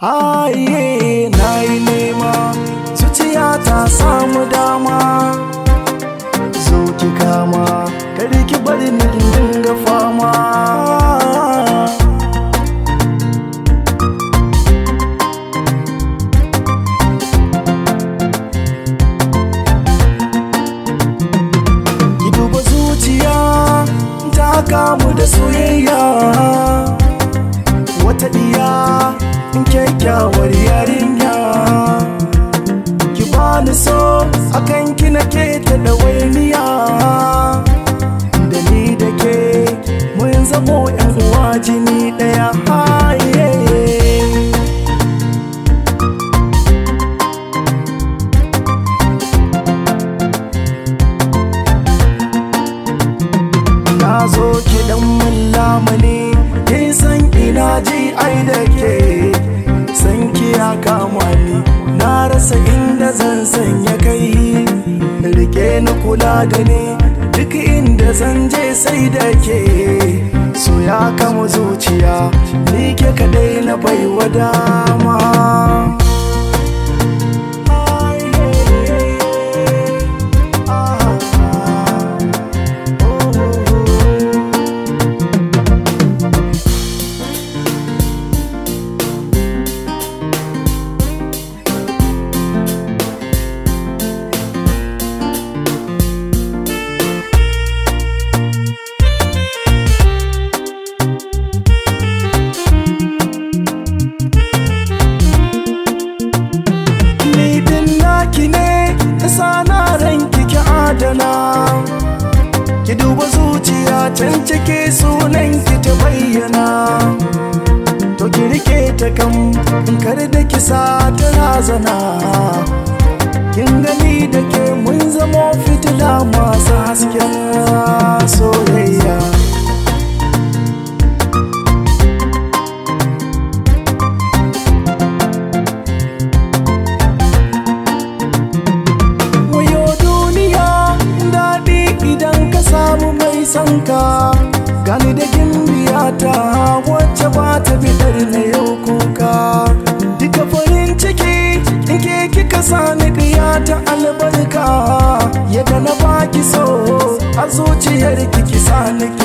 Aye, na yi nema zuciya ta samu dama zo kama Kadi ki bari ni dinga fama ki duba zuciya ta kamu da soyayya wata diya in kyakkyawar yarinya ki bani so akan ki ke ta da wai rasa inda zan sanya kai rike ni kula da ni duk inda zan je sai da ke so ya kama zuciya ni ke kadai na baiwada sunan ki ta bayyana to ki ta kam kar da kisa ta razana na yau kuka duka farin ciki kika sani ɗiya ta albarka yadda na baki so a zuciyar kiki